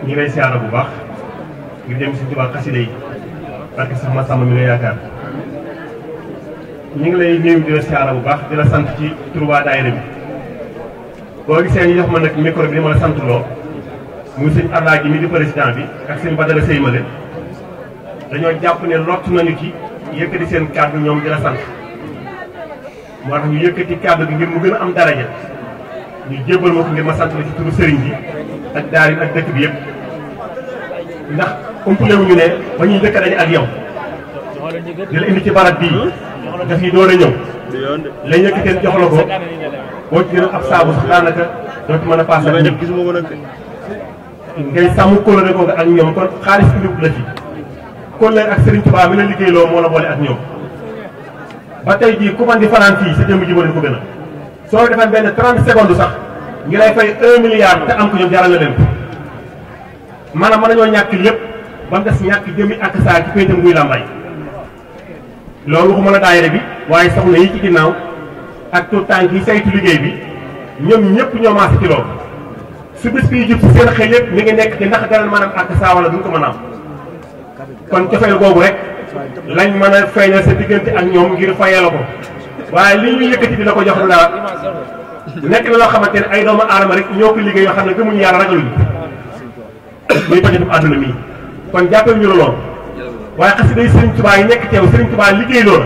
ñu ngi lay siyaara bu baax ngir dem si tubaab xasida yi parce sax ma sàmm mi nga yaakaar ñu ngi lay nuyu di la siyaara bu baax di sant ci turuwaa daayira bi boo gisee ñu jox ma nag micro bi di ma la sant loo muy sëñ Alla gi mi di président bi ak sëñ Badara Sey Male dañoo jàpp ne lott nañu ci yëkkati seen kàddu ñoom di sant moo tax ñu yëkkati kàddu gi ngir mu gën a am daraja ñu jébbal ma ko ngir sant la ci turu sëriñ bi ak daar yi ak dëkk bi yëpp ndax umpule wu ñu ne ba ñuy dëkk dañu ak yow di la indi ci barab bii daf ñu door a ñëw lañ yëkkateen jox la ko boo ci ab saabu sax daanaka doo a paas ak ñëpp ngay sàmm kóllëre googu ak ñoom kon xaalis indiwut la ci kóllëre ak Serigne Touba mi la liggéey loo moo la boole ak ñoom ba tey jii ku man di fanaan fii sa jëmm ji moo ko gën a soo defee benn 30 secondes sax ñu lay fay un milliard te am ko ñoom jaral na leen maanaam mën nañoo ñàkk lépp ba mu des ñàkk jëmi ak saa ci péetam guy làmbaay loolu waxuma la daayira bi waaye soxna yi ci ginnaaw ak tout tànk yi saytu liggéey bi ñoom ñëpp ñoo maase ci loolu su bis bii jub si seen xel yëpp mi ngi nekk ci ndax danañ maanaam ak saa wala duñ ko mën am kon cofeel googu rek lañ mën a feeñal sa diggante ak ñoom ngir fayee la ko waaye li ñu yëkkati di la ko jox daal nekk na loo xamante ne ay doomu aadama rek ñoo ko liggéey yoo xam ne gëmuñu yàlla ragaluñu muy bañ a def àdduna mi kon jàppee ñu la lool waaye xasida yi Serigne Touba yi nekk teew Serigne Touba liggéey loolu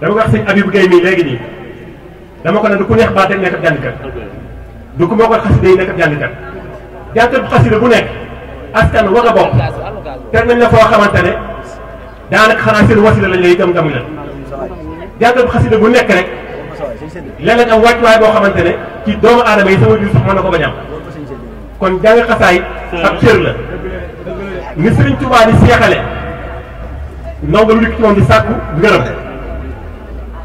dama ko wax sëñ léegi nii dama ko ne ku neex baat rek nekk ab jàngkat du ku moo ko xasida yi nekk ab jàngkat jàngkat bu xasida bu nekk askan war a bokk teg nañ la foo ne daanaka xanaa seen wasila lañ lay gëm-gëm la jàngkat bu xasida bu nekk rek. léeg-léeg am wàccuwaay boo xamante ne ci doomu aadama yi sama jur sax mën na ko bañ am kon jàng xasaay ab cër la ni Sëriñ Tuubaa di seexale ndongo lu ci moom di sàkku ngërëm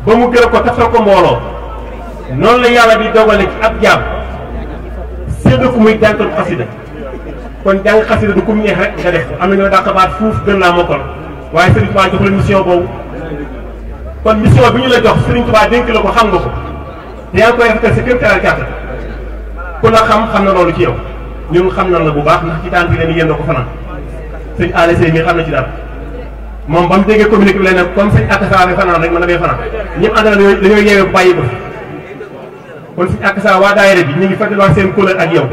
ba mu gërëm ko tafal ko mbooloo noonu la yàlla di dogale ci ab jaam séddoo ko muy jàntal xasida kon jàng xasida du kum neex rek nga def am na ñoo dàq baat fuuf gën laa mokkal waaye Sëriñ Tuubaa jox la mission boobu kon mission bi ñu la jox Serigne Touba dénk la ko xam nga ko te yaa ngi koy rafetal sa kéem ku la xam xam na lolu ci yow ñun xam na la bu baax ndax ci tànk yi dañuy yëndoo ko fanaan sëñ Aliou Seye mi xam na ci dal mom bam mu communiqué bi lay ne comme sëñ atassa bi fanaan rek mën na bee fanaan ñëpp ànd na dañoo dañoo yeewee bàyyi ko kon sëñ atassa wa daayira bi ñu ngi fàttaliwaat seen couleur ak yow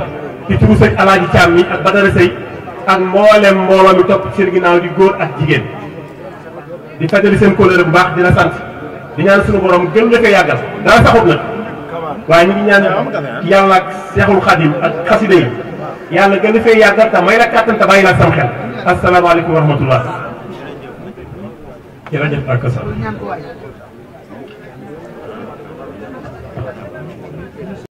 ci turu sëñ Alaaji Caam mi ak Badara sey ak mboolem mbolo mi top ci ginaaw di góor ak jigen di fajali seen kóllëre bu baax dina sant di ñaan suñu borom gën la ko yàggal dara saxut nag waaye ñu ngi ñaan yàlla ak seexul xadim ak xasida yi yàlla gën la fee yàggal te may la kàttan te bàyyi la sam xel asalaamaaleykum wa